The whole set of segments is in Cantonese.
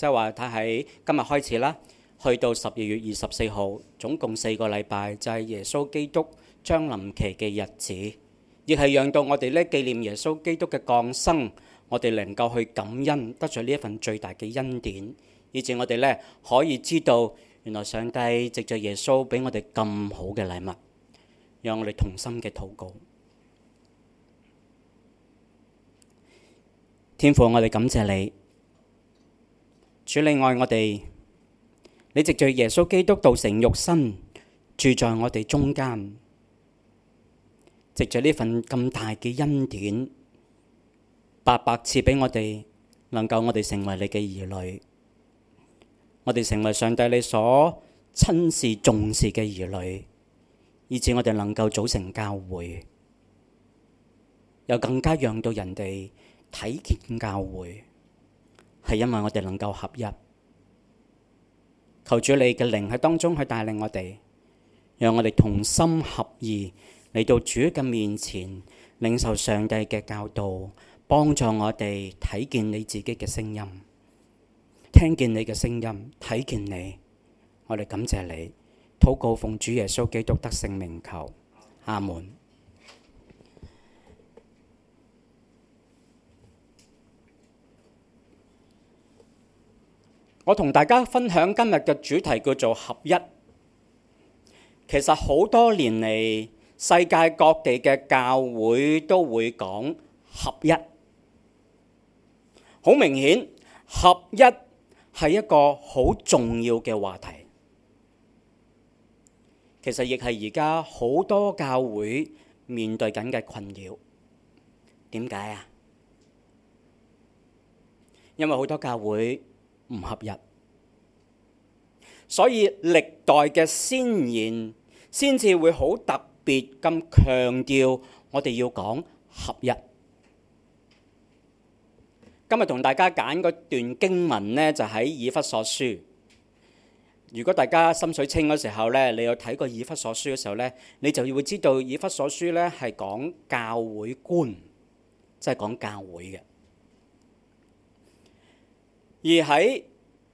即係話睇喺今日開始啦，去到十二月二十四號，總共四個禮拜，就係耶穌基督將臨期嘅日子，亦係讓到我哋呢紀念耶穌基督嘅降生，我哋能夠去感恩得咗呢一份最大嘅恩典，以致我哋呢可以知道原來上帝藉著耶穌俾我哋咁好嘅禮物，讓我哋同心嘅禱告，天父，我哋感謝你。主，你愛我哋，你藉住耶穌基督道成肉身住在我哋中間，藉住呢份咁大嘅恩典，白白賜畀我哋，能夠我哋成為你嘅兒女，我哋成為上帝你所親視重視嘅兒女，以至我哋能夠組成教會，又更加讓到人哋體驗教會。係因為我哋能夠合一，求主你嘅靈喺當中去帶領我哋，讓我哋同心合意嚟到主嘅面前，領受上帝嘅教導，幫助我哋睇見你自己嘅聲音，聽見你嘅聲音，睇見你。我哋感謝你，禱告奉主耶穌基督得聖名求阿門。我同大家分享今日嘅主題叫做合一。其實好多年嚟，世界各地嘅教會都會講合一。好明顯，合一係一個好重要嘅話題。其實亦係而家好多教會面對緊嘅困擾。點解啊？因為好多教會。唔合一，所以歷代嘅先賢先至會好特別咁強調，我哋要講合一。今日同大家揀嗰段經文呢，就喺《以弗所書》。如果大家心水清嘅時候呢，你有睇過《以弗所書》嘅時候呢，你就會知道《以弗所書》呢係講教會觀，即係講教會嘅。而喺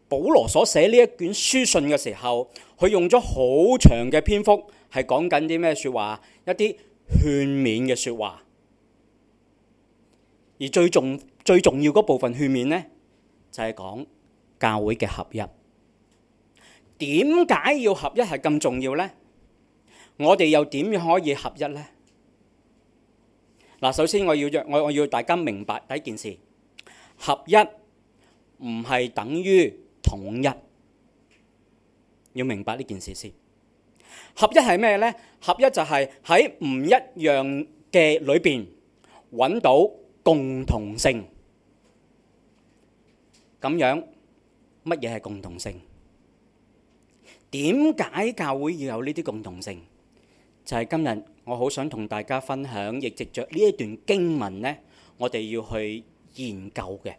保羅所寫呢一卷書信嘅時候，佢用咗好長嘅篇幅係講緊啲咩説話，一啲勸勉嘅説話。而最重最重要嗰部分勸勉呢，就係講教會嘅合一。點解要合一係咁重要呢？我哋又點樣可以合一呢？嗱，首先我要約我，我要大家明白第一件事，合一。唔係等於統一，要明白呢件事先。合一係咩呢？合一就係喺唔一樣嘅裏邊揾到共同性。咁樣乜嘢係共同性？點解教會要有呢啲共同性？就係今日我好想同大家分享，亦藉着呢一段經文呢，我哋要去研究嘅。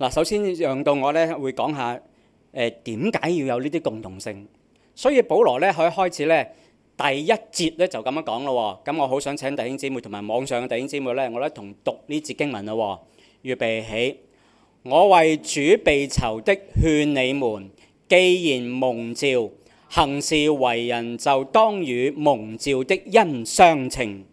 嗱，首先讓到我咧，會講下誒點解要有呢啲共同性。所以保羅咧，喺開始咧第一節咧就咁樣講咯喎。咁我好想請弟兄姊妹同埋網上嘅弟兄姊妹咧，我咧同讀呢節經文咯喎。預備起，我為主被囚的勸你們，既然蒙召行事為人，就當與蒙召的恩相稱。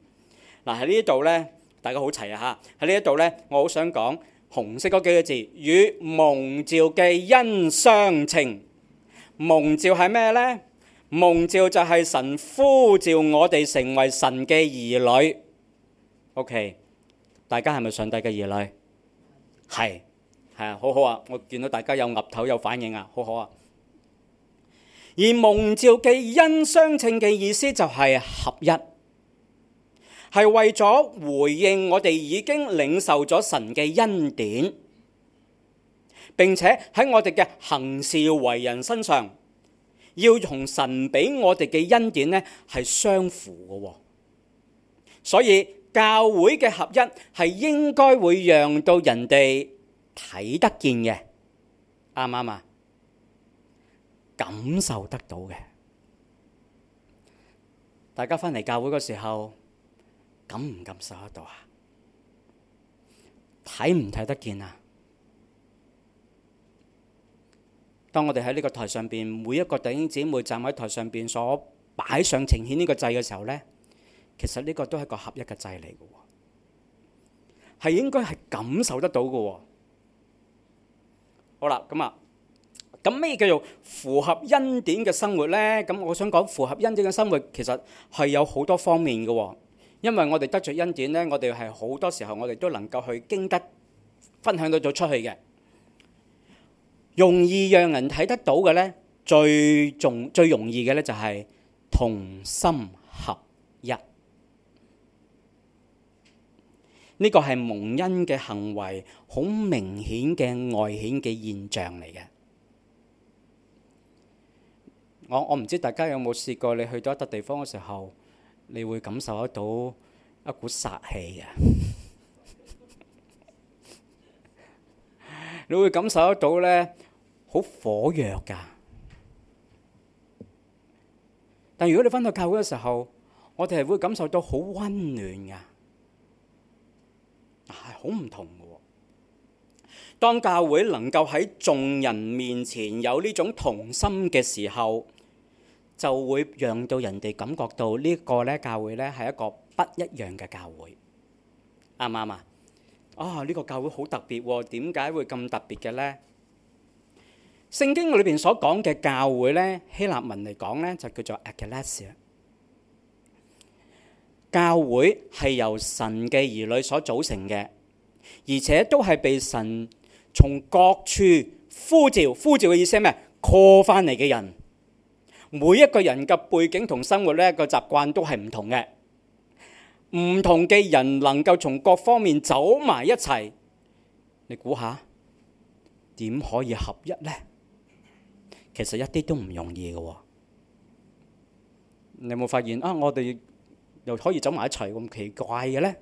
嗱喺呢度咧，大家好齊啊嚇！喺呢一度咧，我好想講。紅色嗰幾個字與蒙召嘅恩相稱，蒙召係咩呢？蒙召就係神呼召我哋成為神嘅兒女。OK，大家係咪上帝嘅兒女？係係啊，好好啊！我見到大家有岌頭有反應啊，好好啊。而蒙召嘅恩相稱嘅意思就係合一。係為咗回應我哋已經領受咗神嘅恩典，並且喺我哋嘅行事為人身上，要同神俾我哋嘅恩典呢係相符嘅。所以教會嘅合一係應該會讓到人哋睇得見嘅，啱唔啱啊？感受得到嘅，大家返嚟教會嘅時候。感唔感受得到啊？睇唔睇得見啊？當我哋喺呢個台上邊，每一個弟兄姊妹站喺台上邊所擺上呈現呢個祭嘅時候咧，其實呢個都係個合一嘅祭嚟嘅喎，係應該係感受得到嘅喎。好啦，咁啊，咁咩叫做符合恩典嘅生活咧？咁我想講符合恩典嘅生活，其實係有好多方面嘅喎。因為我哋得著恩典呢，我哋係好多時候我哋都能夠去經得分享到咗出去嘅，容易讓人睇得到嘅呢，最重最容易嘅呢，就係同心合一。呢、這個係蒙恩嘅行為，好明顯嘅外顯嘅現象嚟嘅。我我唔知大家有冇試過，你去到一笪地方嘅時候。你會感受得到一股殺氣呀，你會感受得到咧，好火藥㗎。但如果你返到教會嘅時候，我哋係會感受到好温暖㗎，係好唔同嘅。當教會能夠喺眾人面前有呢種同心嘅時候，就會讓到人哋感覺到呢個咧教會咧係一個不一樣嘅教會，啱唔啱啊？啊，呢個教會好特別喎，點解會咁特別嘅咧？聖經裏邊所講嘅教會咧，希臘文嚟講咧就叫做 ekklesia。教會係由神嘅兒女所組成嘅，而且都係被神從各處呼召，呼召嘅意思係咩？call 翻嚟嘅人。每一個人嘅背景同生活呢個習慣都係唔同嘅，唔同嘅人能夠從各方面走埋一齊，你估下點可以合一呢？其實一啲都唔容易嘅喎。你有冇發現啊？我哋又可以走埋一齊，咁奇怪嘅呢？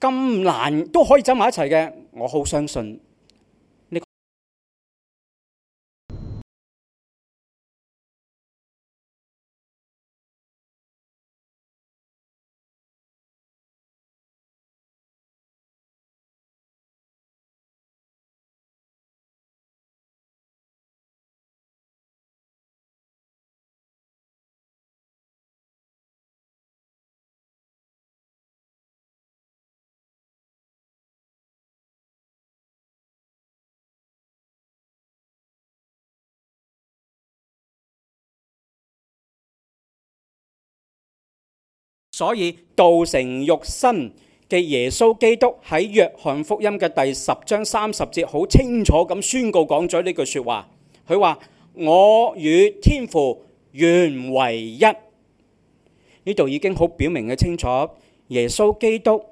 咁難都可以走埋一齊嘅，我好相信。所以道成肉身嘅耶穌基督喺約翰福音嘅第十章三十節好清楚咁宣告講咗呢句說話，佢話我與天父原為一，呢度已經好表明嘅清楚，耶穌基督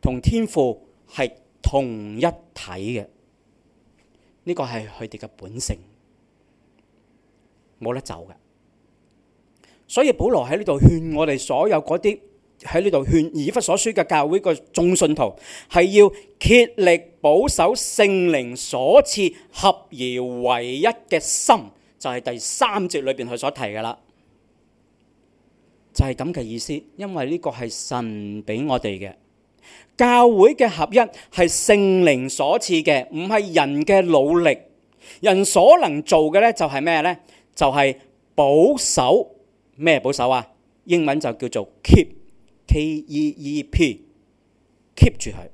同天父係同一體嘅，呢、呢個係佢哋嘅本性，冇得走嘅。所以保羅喺呢度勸我哋所有嗰啲喺呢度勸以弗所書嘅教會嘅眾信徒係要竭力保守聖靈所賜合而為一嘅心，就係第三節裏邊佢所提噶啦，就係咁嘅意思。因為呢個係神俾我哋嘅教會嘅合一係聖靈所賜嘅，唔係人嘅努力。人所能做嘅咧就係咩咧？就係保守。咩保守啊？英文就叫做 keep，K-E-E-P，keep 住佢、e e、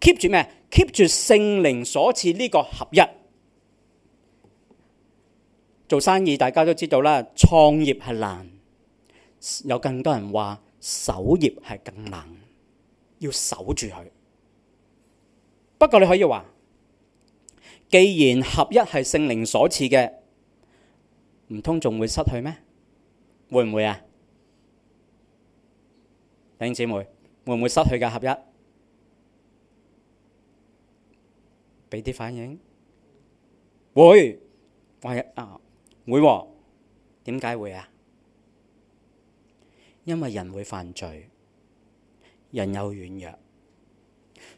，keep 住咩？keep 住聖靈所賜呢個合一。做生意大家都知道啦，創業係難，有更多人話守業係更難，要守住佢。不過你可以話，既然合一係聖靈所賜嘅，唔通仲會失去咩？會唔會啊，弟兄姊妹，會唔會失去嘅合一？俾啲反應，會，我係啊，會喎、哦，點解會啊？因為人會犯罪，人有軟弱，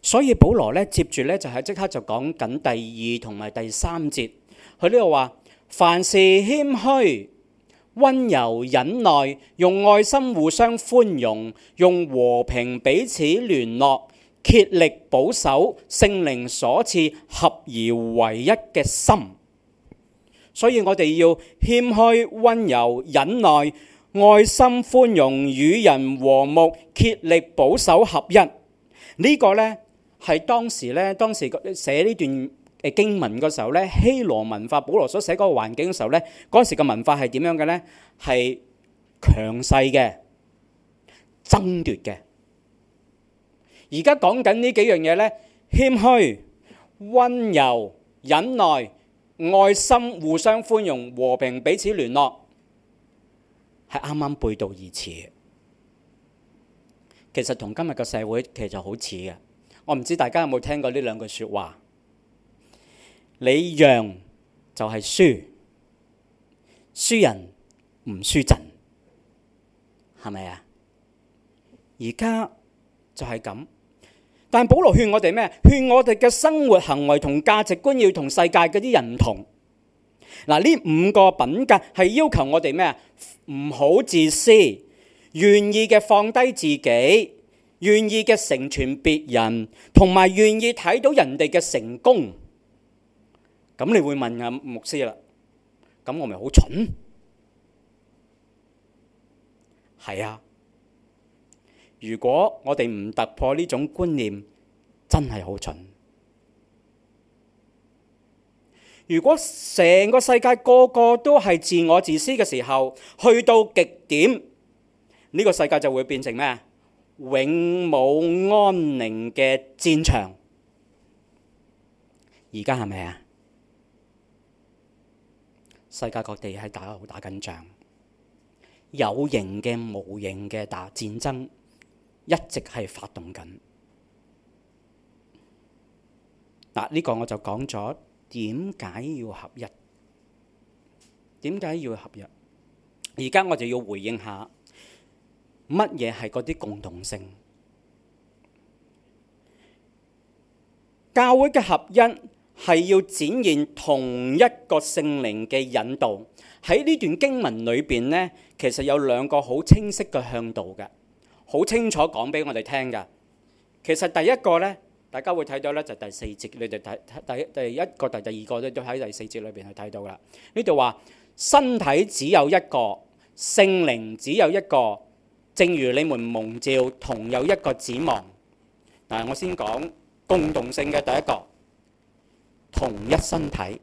所以保羅呢接住呢，就係即刻就講緊第二同埋第三節，佢呢度話，凡事謙虛。温柔忍耐，用愛心互相寬容，用和平彼此聯絡，竭力保守聖靈所賜合而為一嘅心。所以我哋要謙虛、温柔、忍耐、愛心寬容、與人和睦、竭力保守合一。呢、呢個呢係當時呢，當時寫呢段，誒經文嘅時候咧，希羅文化，保羅所寫嗰個環境嘅時候咧，嗰時嘅文化係點樣嘅咧？係強勢嘅，爭奪嘅。而家講緊呢幾樣嘢咧，謙虛、温柔、忍耐、愛心、互相寬容、和平、彼此聯絡，係啱啱背道而馳。其實同今日嘅社會其實好似嘅。我唔知大家有冇聽過呢兩句説話。你讓就係輸，輸人唔輸陣，係咪啊？而家就係咁，但保羅勸我哋咩？勸我哋嘅生活行為同價值觀要同世界嗰啲人唔同。嗱，呢五個品格係要求我哋咩？唔好自私，願意嘅放低自己，願意嘅成全別人，同埋願意睇到人哋嘅成功。咁你會問阿牧師啦，咁我咪好蠢？係啊，如果我哋唔突破呢種觀念，真係好蠢。如果成個世界個個都係自我自私嘅時候，去到極點，呢個世界就會變成咩？永冇安寧嘅戰場。而家係咪啊？世界各地喺打打緊仗，有形嘅、無形嘅打戰爭一直係發動緊。嗱，呢個我就講咗點解要合一，點解要合一。而家我就要回應下乜嘢係嗰啲共同性？教會嘅合一。係要展現同一個聖靈嘅引導。喺呢段經文裏邊呢，其實有兩個好清晰嘅向導嘅，好清楚講俾我哋聽㗎。其實第一個呢，大家會睇到呢，就第四節，你哋睇第一第，第一個同第二個都都喺第四節裏邊去睇到啦。呢度話身體只有一個，聖靈只有一個，正如你們蒙召同有一個指望。但，我先講共同性嘅第一個。同一身體，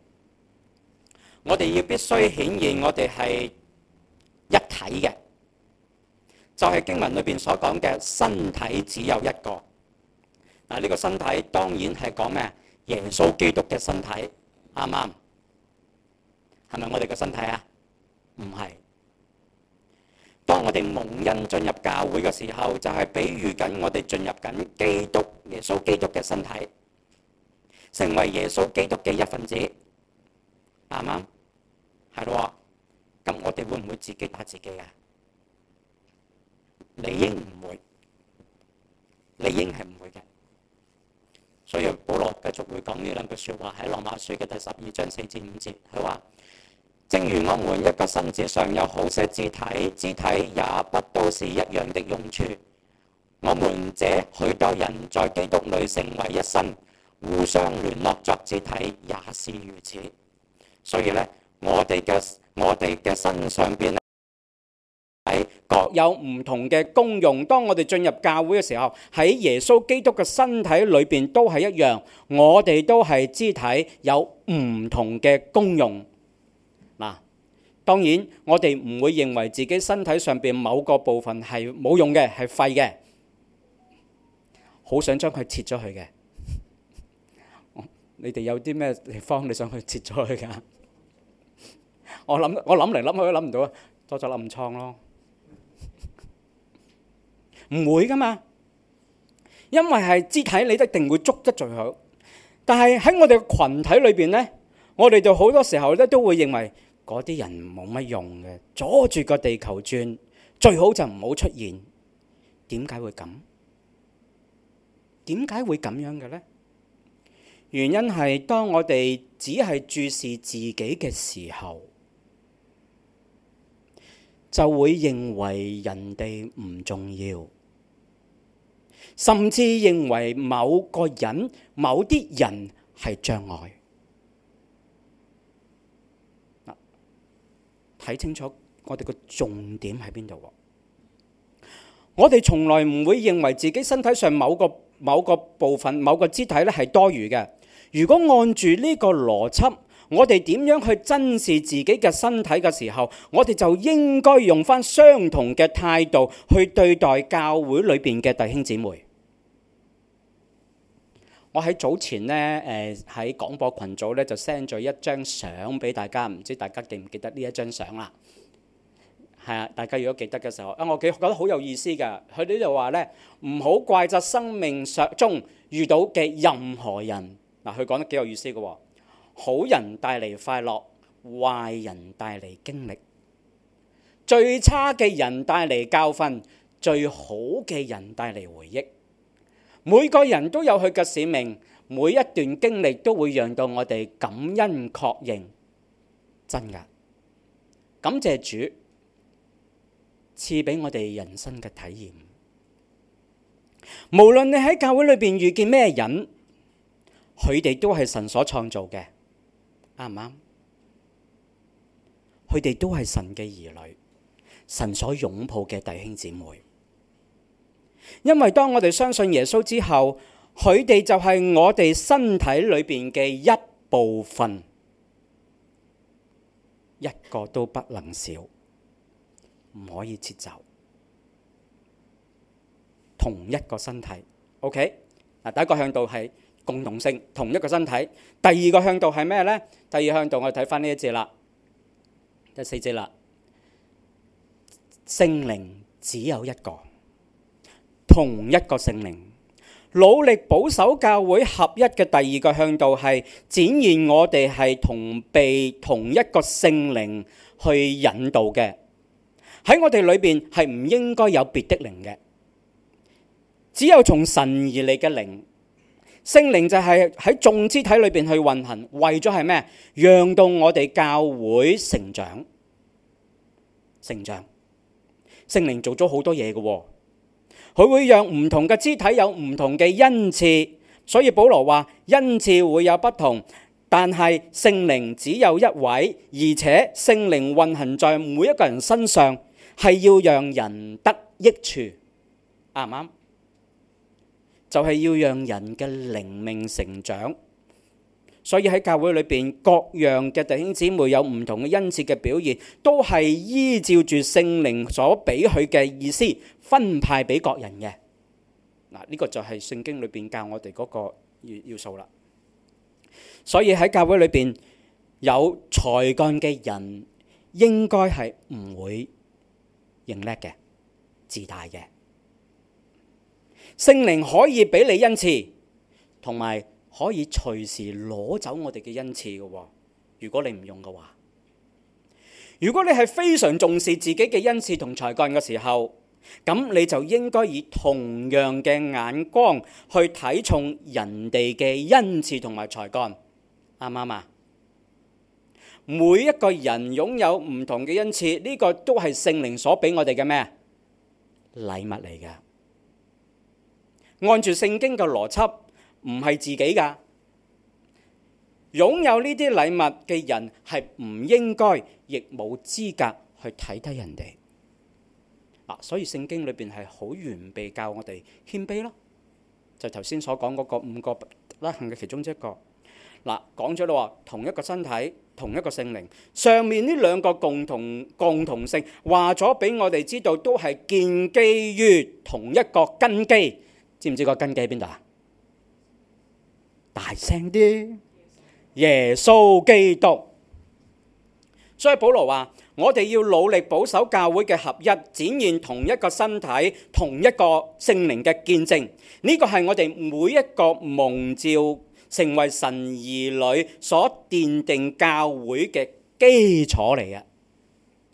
我哋要必須顯現我哋係一體嘅，就係經文裏邊所講嘅身體只有一個。嗱，呢個身體當然係講咩？耶穌基督嘅身體啱唔啱？係咪我哋個身體啊？唔係。當我哋蒙恩進入教會嘅時候，就係比喻緊我哋進入緊基督耶穌基督嘅身體。成為耶穌基督嘅一分子，啱啱？係咯喎，咁我哋會唔會自己打自己啊？理應唔會，理應係唔會嘅。所以保羅繼續會講呢兩句説話喺羅馬書嘅第十二章四至五節，佢話：正如我們一個身子上有好些肢體，肢體也不都是一樣的用處。我們這許多人在基督裏成為一身。互相聯絡，作肢體也是如此。所以咧，我哋嘅我哋嘅身上邊咧，係各有唔同嘅功用。當我哋進入教會嘅時候，喺耶穌基督嘅身體裏邊都係一樣，我哋都係肢體有唔同嘅功用。嗱，當然我哋唔會認為自己身體上邊某個部分係冇用嘅，係廢嘅，好想將佢切咗佢嘅。你哋有啲咩地方你想去切咗佢噶？我諗我諗嚟諗去都諗唔到，多咗暗瘡咯，唔會噶嘛，因為係肢體你一定會捉得最好，但係喺我哋群體裏邊咧，我哋就好多時候咧都會認為嗰啲人冇乜用嘅，阻住個地球轉，最好就唔好出現。點解會咁？點解會咁樣嘅咧？原因係，當我哋只係注視自己嘅時候，就會認為人哋唔重要，甚至認為某個人、某啲人係障礙。嗱，睇清楚我哋個重點喺邊度喎？我哋從來唔會認為自己身體上某個某個部分、某個肢體咧係多餘嘅。如果按住呢個邏輯，我哋點樣去珍視自己嘅身體嘅時候，我哋就應該用返相同嘅態度去對待教會裏邊嘅弟兄姊妹。我喺早前呢，誒喺廣播群組咧就 send 咗一張相俾大家，唔知大家記唔記得呢一張相啦？係啊，大家如果記得嘅時候，啊我幾覺得好有意思嘅，佢呢度話咧唔好怪責生命上中遇到嘅任何人。嗱，佢講得幾有意思嘅喎，好人帶嚟快樂，壞人帶嚟經歷，最差嘅人帶嚟教訓，最好嘅人帶嚟回憶。每個人都有佢嘅使命，每一段經歷都會讓到我哋感恩確認。真㗎，感謝主賜俾我哋人生嘅體驗。無論你喺教會裏邊遇見咩人。佢哋都係神所創造嘅，啱唔啱？佢哋都係神嘅兒女，神所擁抱嘅弟兄姊妹。因為當我哋相信耶穌之後，佢哋就係我哋身體裏邊嘅一部分，一個都不能少，唔可以切走同一個身體。OK，嗱，第一個向度係。共同性，同一個身體。第二個向度係咩呢？第二向度我睇翻呢一節啦，第四節啦。聖靈只有一個，同一個聖靈。努力保守教會合一嘅第二個向度係展現我哋係同被同一個聖靈去引導嘅。喺我哋裏邊係唔應該有別的靈嘅，只有從神而嚟嘅靈。聖靈就係喺眾肢體裏邊去運行，為咗係咩？讓到我哋教會成長、成長。聖靈做咗好多嘢嘅，哦，佢會讓唔同嘅肢體有唔同嘅恩賜。所以保羅話：恩賜會有不同，但係聖靈只有一位，而且聖靈運行在每一個人身上，係要讓人得益處。啱唔啱？就係要讓人嘅靈命成長，所以喺教會裏邊各樣嘅弟兄姊妹有唔同嘅恩賜嘅表現，都係依照住聖靈所俾佢嘅意思分派俾各人嘅。嗱，呢個就係聖經裏邊教我哋嗰個要素啦。所以喺教會裏邊有才幹嘅人，應該係唔會認叻嘅、自大嘅。聖靈可以俾你恩賜，同埋可以隨時攞走我哋嘅恩賜嘅喎。如果你唔用嘅話，如果你係非常重視自己嘅恩賜同才幹嘅時候，咁你就應該以同樣嘅眼光去睇重人哋嘅恩賜同埋才幹。啱唔啱啊？每一個人擁有唔同嘅恩賜，呢個都係聖靈所俾我哋嘅咩禮物嚟㗎？按住聖經嘅邏輯，唔係自己噶，擁有呢啲禮物嘅人係唔應該，亦冇資格去睇低人哋。嗱，所以聖經裏邊係好完備教我哋謙卑咯。就頭先所講嗰個五個不幸嘅其中一個，嗱，講咗啦，話同一個身體，同一個聖靈，上面呢兩個共同共同性，話咗俾我哋知道，都係建基於同一個根基。知唔知個根基喺邊度啊？大聲啲！耶穌基督。所以保羅話：我哋要努力保守教會嘅合一，展現同一個身體、同一個聖靈嘅見證。呢個係我哋每一個蒙召成為神兒女所奠定教會嘅基礎嚟嘅。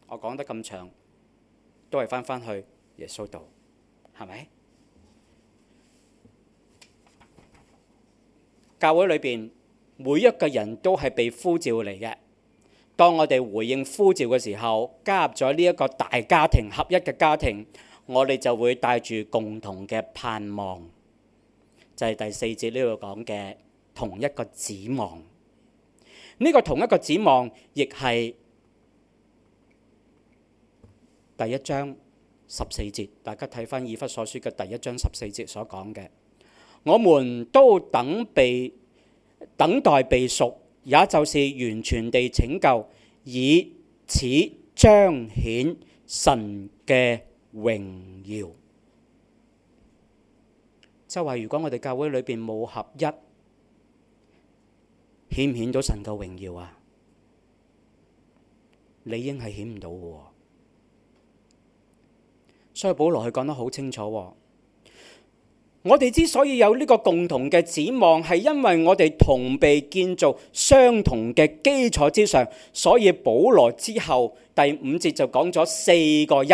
我講得咁長，都係翻翻去耶穌度，係咪？教會裏邊每一個人都係被呼召嚟嘅。當我哋回應呼召嘅時候，加入咗呢一個大家庭，合一嘅家庭，我哋就會帶住共同嘅盼望，就係第四節呢度講嘅同一個指望。呢個同一個指望，亦係第一章十四節，大家睇返《以弗所書》嘅第一章十四節所講嘅。我們都等被等待被贖，也就是完全地拯救，以此彰顯神嘅榮耀。即係話，如果我哋教會裏邊冇合一，顯唔顯到神嘅榮耀啊？理應係顯唔到嘅喎。所以保羅佢講得好清楚喎、啊。我哋之所以有呢個共同嘅指望，係因為我哋同被建造相同嘅基礎之上，所以保羅之後第五節就講咗四個一。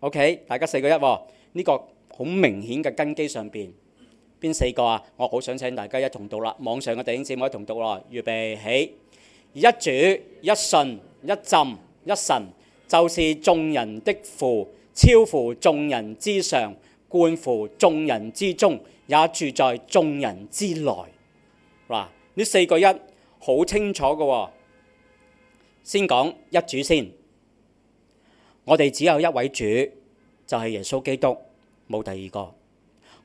OK，大家四個一、哦，呢、這個好明顯嘅根基上面邊四個啊？我好想請大家一同讀啦，網上嘅弟兄姊妹一同讀啦，預備起一主一信一浸一神，就是眾人的父，超乎眾人之上。貫乎眾人之中，也住在眾人之內。嗱，呢四個一好清楚嘅喎、哦。先講一主先，我哋只有一位主，就係、是、耶穌基督，冇第二個。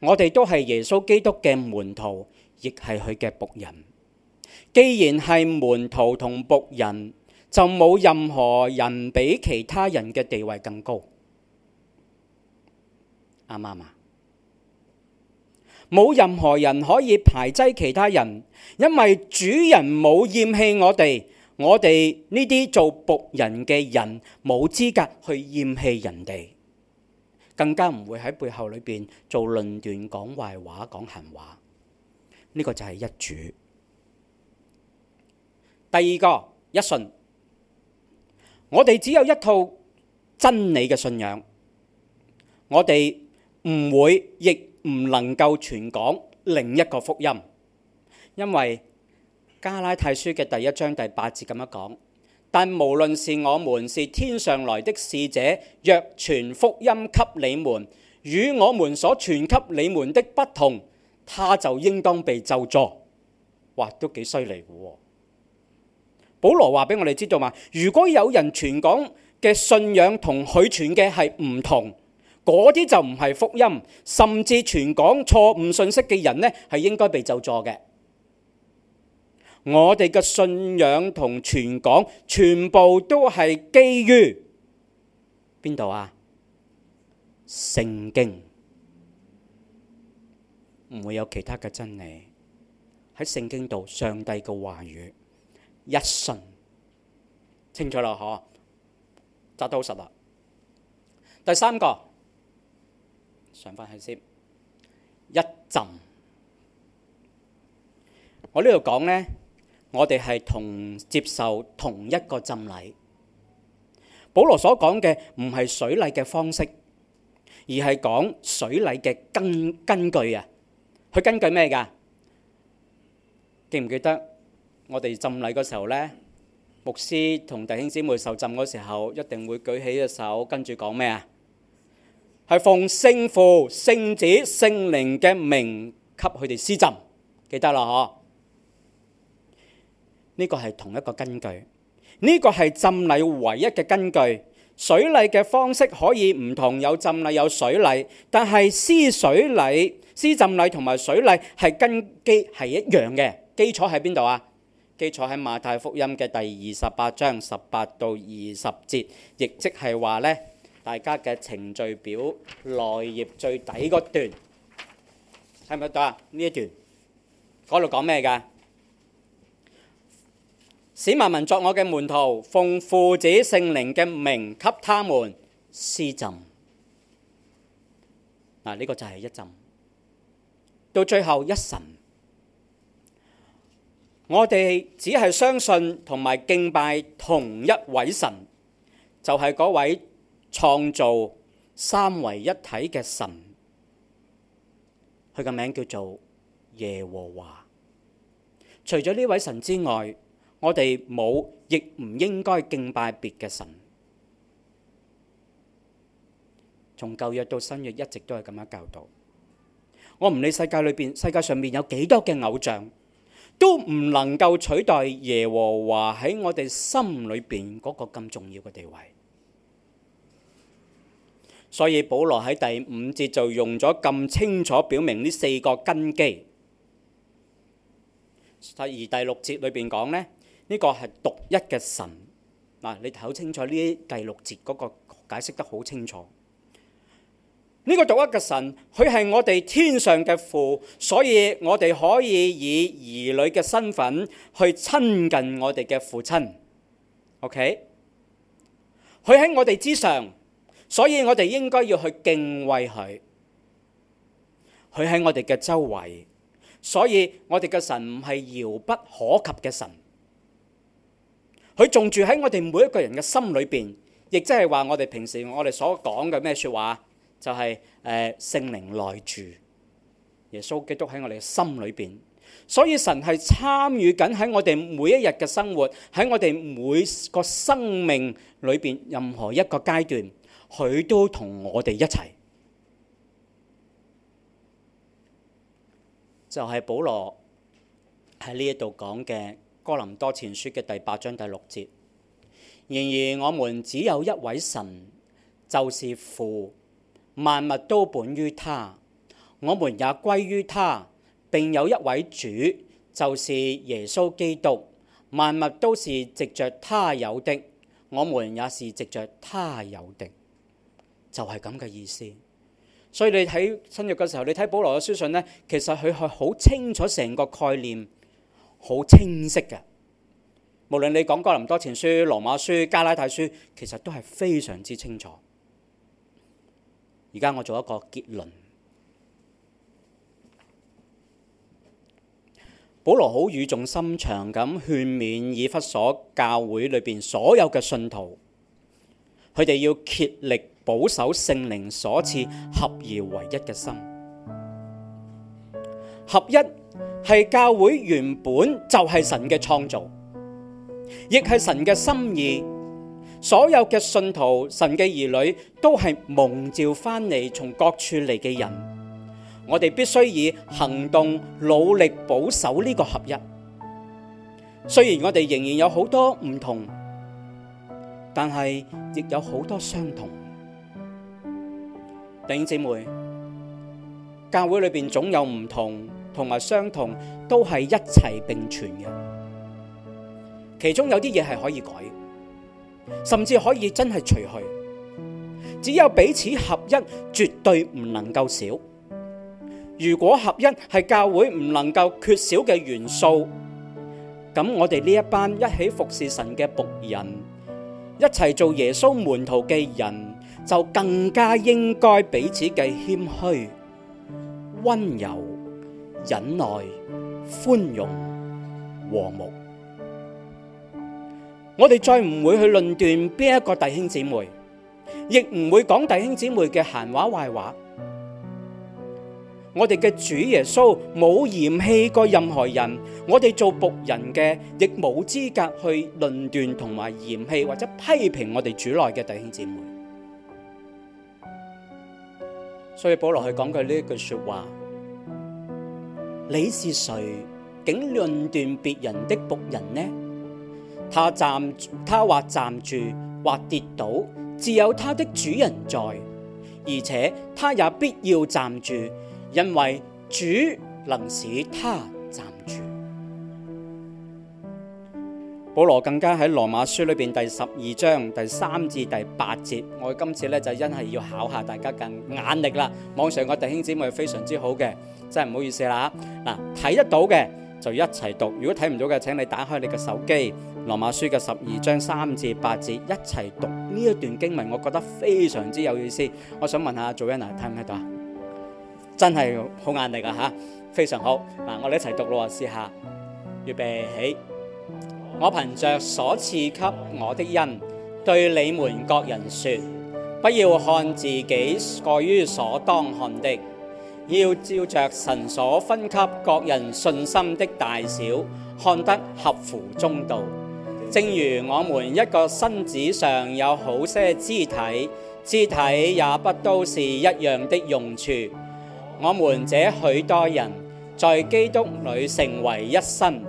我哋都係耶穌基督嘅門徒，亦係佢嘅僕人。既然係門徒同僕人，就冇任何人比其他人嘅地位更高。啱唔啱啊，冇任何人可以排擠其他人，因為主人冇厭棄我哋，我哋呢啲做僕人嘅人冇資格去厭棄人哋，更加唔會喺背後裏邊做論斷、講壞話、講閒話。呢、這個就係一主。第二個一信，我哋只有一套真理嘅信仰，我哋。唔會，亦唔能夠傳講另一個福音，因為加拉太書嘅第一章第八節咁樣講。但無論是我們是天上來的使者，若傳福音給你們與我們所傳給你們的不同，他就應當被咒詛。哇，都幾犀利喎！保羅話俾我哋知道嘛，如果有人傳講嘅信仰傳同佢傳嘅係唔同。嗰啲就唔係福音，甚至傳講錯誤信息嘅人呢，係應該被咒詛嘅。我哋嘅信仰同傳講全部都係基於邊度啊？聖經，唔會有其他嘅真理喺聖經度，上帝嘅話語一信清楚啦，嗬，扎得好實啦。第三個。上返去先，一浸。我呢度講呢，我哋係同接受同一個浸禮。保羅所講嘅唔係水禮嘅方式，而係講水禮嘅根根據啊。佢根據咩噶？記唔記得我哋浸禮嗰時候呢，牧師同弟兄姊妹受浸嗰時候，一定會舉起隻手，跟住講咩啊？係奉聖父、聖子、聖靈嘅名給佢哋施浸，記得啦，嗬？呢個係同一個根據，呢個係浸禮唯一嘅根據。水禮嘅方式可以唔同，有浸禮有水禮，但係施水禮、施浸禮同埋水禮係根基係一樣嘅。基礎喺邊度啊？基礎喺馬太福音嘅第二十八章十八到二十節，亦即係話呢。大家嘅程序表內頁最底嗰段係咪對啊？呢一段嗰度講咩㗎？使萬民作我嘅門徒，奉父子聖靈嘅名給他們施浸。嗱，呢個就係一浸。到最後一神，我哋只係相信同埋敬拜同一位神，就係嗰位。創造三位一體嘅神，佢嘅名叫做耶和華。除咗呢位神之外，我哋冇亦唔應該敬拜別嘅神。從舊約到新約一直都係咁樣教導。我唔理世界裏邊、世界上面有幾多嘅偶像，都唔能夠取代耶和華喺我哋心裏邊嗰個咁重要嘅地位。所以保羅喺第五節就用咗咁清楚表明呢四個根基，而第六節裏邊講呢，呢、呢個係獨一嘅神。嗱，你睇好清楚呢第六節嗰個解釋得好清楚。呢個獨一嘅神，佢係我哋天上嘅父，所以我哋可以以兒女嘅身份去親近我哋嘅父親。OK，佢喺我哋之上。所以我哋應該要去敬畏佢，佢喺我哋嘅周圍。所以我哋嘅神唔係遙不可及嘅神，佢仲住喺我哋每一個人嘅心裏邊。亦即係話，我哋平時我哋所講嘅咩説話，就係誒聖靈內住耶穌基督喺我哋嘅心裏邊。所以神係參與緊喺我哋每一日嘅生活，喺我哋每個生命裏邊任何一個階段。佢都同我哋一齊，就係保羅喺呢度講嘅哥林多前書嘅第八章第六節。然而，我們只有一位神，就是父，萬物都本於他，我們也歸於他。並有一位主，就是耶穌基督，萬物都是藉着他有的，我們也是藉着他有的。就係咁嘅意思，所以你睇新約嘅時候，你睇保羅嘅書信呢，其實佢係好清楚成個概念，好清晰嘅。無論你講哥林多前書、羅馬書、加拉太書，其實都係非常之清楚。而家我做一個結論，保羅好語重心長咁勸勉以弗所教會裏邊所有嘅信徒，佢哋要竭力。保守聖靈所賜合而為一嘅心。合一係教會原本就係神嘅創造，亦係神嘅心意。所有嘅信徒，神嘅兒女都係蒙召翻嚟，從各處嚟嘅人。我哋必須以行動努力保守呢個合一。雖然我哋仍然有好多唔同，但係亦有好多相同。弟兄姊妹，教會裏邊總有唔同同埋相同，都係一齊並存嘅。其中有啲嘢係可以改，甚至可以真係除去。只有彼此合一，絕對唔能夠少。如果合一係教會唔能夠缺少嘅元素，咁我哋呢一班一起服侍神嘅僕人，一齊做耶穌門徒嘅人，就更加應該彼此嘅謙虛、溫柔、忍耐、寬容、和睦。我哋再唔會去論斷邊一個弟兄姊妹，亦唔會講弟兄姊妹嘅閒話壞話。我哋嘅主耶穌冇嫌棄過任何人，我哋做僕人嘅亦冇資格去論斷同埋嫌棄或者批評我哋主內嘅弟兄姊妹。所以保羅去講句呢一句說話，你是誰，竟論斷別人的僕人呢？他站，他或站住，或跌倒，自有他的主人在，而且他也必要站住，因為主能使他。保羅更加喺羅馬書裏邊第十二章第三至第八節，我今次呢，就因係要考下大家嘅眼力啦。網上嘅弟兄姊妹非常之好嘅，真係唔好意思啦嗱，睇、啊、得到嘅就一齊讀，如果睇唔到嘅，請你打開你嘅手機，羅馬書嘅十二章三至八節一齊讀呢一段經文，我覺得非常之有意思。我想問一下 Joanna 啊，睇唔睇到啊？真係好眼力噶、啊、吓，非常好。嗱、啊，我哋一齊讀咯，試下，預備起。我憑着所賜給我的恩，對你們各人説：不要看自己過於所當看的，要照着神所分給各人信心的大小，看得合乎中道。正如我們一個身子上有好些肢體，肢體也不都是一樣的用處。我們這許多人在基督裏成為一身。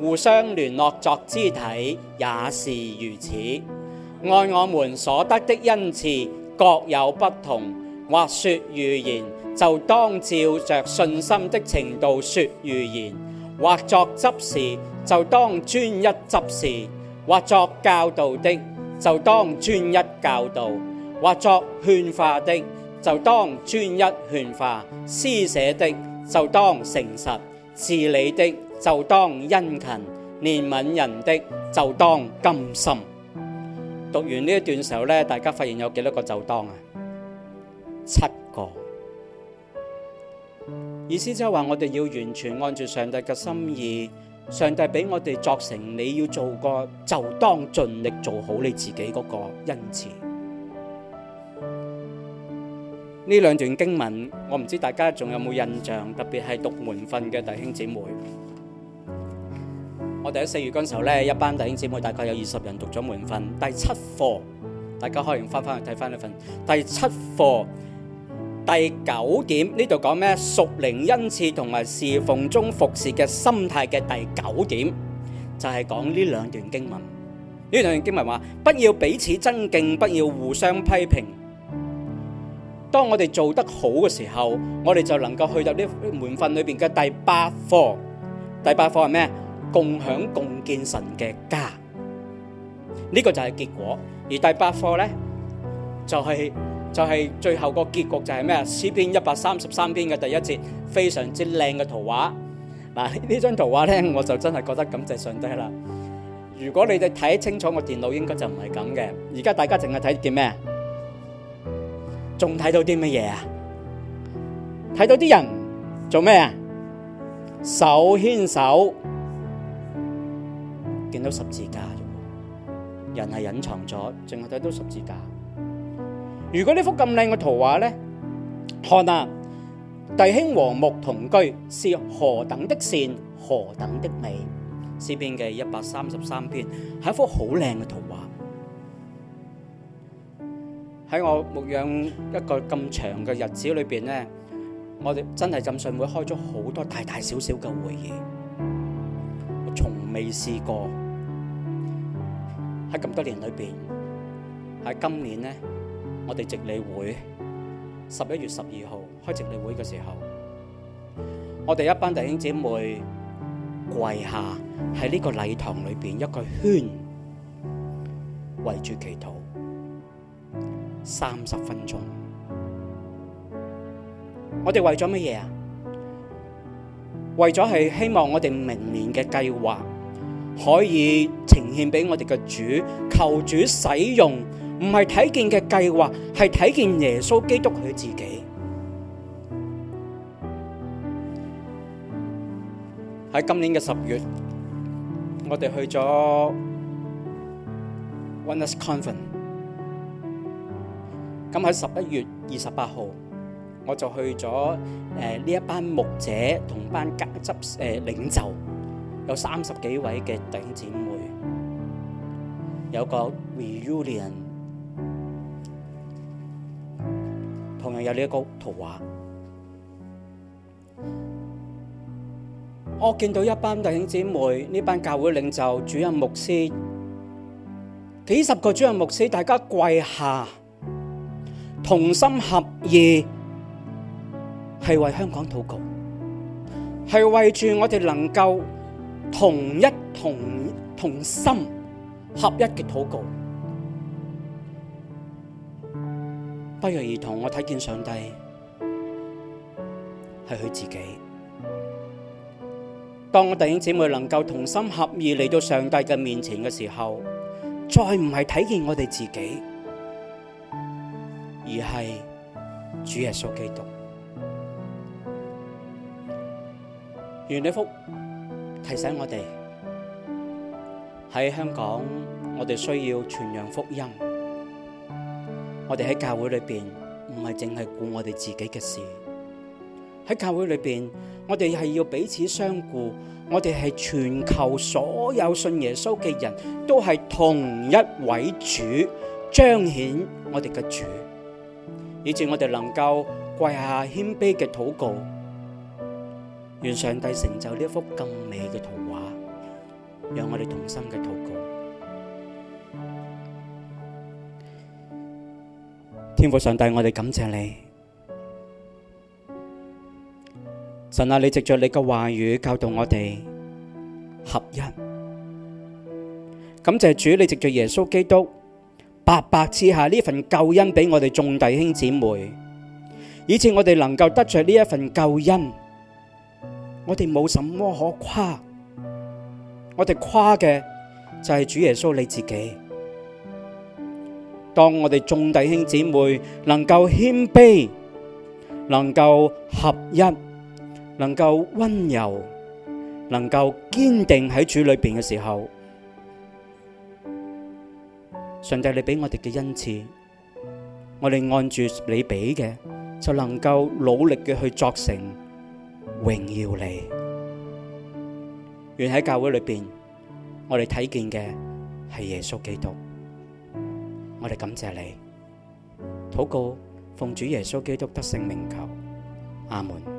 互相聯絡作肢體也是如此。按我們所得的恩賜各有不同，或說預言就當照着信心的程度說預言；或作執事就當專一執事；或作教導的就當專一教導；或作勸化的就當專一勸化；施捨的就當誠實；治理的，就當殷勤憐憫人的，就當甘心。讀完呢一段時候呢，大家發現有幾多個就當啊？七個。意思即係話，我哋要完全按住上帝嘅心意，上帝俾我哋作成你要做個就當盡力做好你自己嗰個恩賜。呢兩段經文，我唔知大家仲有冇印象，特別係讀門訓嘅弟兄姊妹。我哋喺四月嗰陣時候咧，一班弟兄姊妹，大概有二十人讀咗門訓第七課，大家可以翻翻去睇翻呢份第七課第九點呢度講咩？屬靈恩賜同埋侍奉中服侍嘅心態嘅第九點就係講呢兩段經文。呢兩段經文話，不要彼此爭競，不要互相批評。當我哋做得好嘅時候，我哋就能夠去到呢門訓裏邊嘅第八課。第八課係咩？共享共建神嘅家，呢個就係結果。而第八課咧就係就係最後個結局就係咩啊？詩篇一百三十三篇嘅第一節非常之靚嘅圖畫嗱，呢張圖畫咧，我就真係覺得感謝上帝啦。如果你哋睇清楚個電腦，應該就唔係咁嘅。而家大家淨係睇見咩啊？仲睇到啲乜嘢啊？睇到啲人做咩啊？手牽手。見到十字架啫，人係隱藏咗，淨係睇到十字架。如果呢幅咁靚嘅圖畫咧，看啊，弟兄和睦同居是何等的善，何等的美。詩篇嘅一百三十三篇係一幅好靚嘅圖畫。喺我牧養一個咁長嘅日子裏邊呢，我哋真係浸信會開咗好多大大小小嘅會議，我從未試過。喺咁多年裏邊，喺今年呢，我哋值理會十一月十二號開值理會嘅時候，我哋一班弟兄姊妹跪下喺呢個禮堂裏邊一個圈圍住祈禱，三十分鐘。我哋為咗乜嘢啊？為咗係希望我哋明年嘅計劃。可以呈現俾我哋嘅主，求主使用，唔係睇見嘅計劃，係睇見耶穌基督佢自己。喺今年嘅十月，我哋去咗 Wonders Conference。咁喺十一月二十八號，我就去咗誒呢一班牧者同班執誒領袖。有三十幾位嘅弟兄姊妹，有個 reunion，同樣有呢一個圖畫。我見到一班弟兄姊妹，呢班教會領袖、主任牧師，幾十個主任牧師，大家跪下，同心合意，係為香港禱告，係為住我哋能夠。同一同同心合一嘅禱告，不約而同，我睇見上帝係佢自己。當我弟兄姊妹能夠同心合意嚟到上帝嘅面前嘅時候，再唔係睇見我哋自己，而係主耶穌基督。願你福。提醒我哋喺香港，我哋需要傳揚福音。我哋喺教會裏邊唔係淨係顧我哋自己嘅事，喺教會裏邊，我哋係要彼此相顧。我哋係全球所有信耶穌嘅人都係同一位主，彰顯我哋嘅主，以致我哋能夠跪下謙卑嘅禱告。願上帝成就呢一幅更美嘅圖畫，讓我哋同心嘅禱告。天父上帝，我哋感謝你，神啊，你藉着你嘅話語教導我哋合一。感謝主，你藉着耶穌基督白白賜下呢份救恩俾我哋眾弟兄姊妹，以致我哋能夠得着呢一份救恩。我哋冇什麼可誇，我哋誇嘅就係主耶穌你自己。當我哋眾弟兄姊妹能夠謙卑，能夠合一，能夠溫柔，能夠堅定喺主裏邊嘅時候，上帝你俾我哋嘅恩賜，我哋按住你俾嘅，就能夠努力嘅去作成。榮耀你，願喺教會裏邊，我哋睇見嘅係耶穌基督，我哋感謝你，禱告奉主耶穌基督得勝名求，阿門。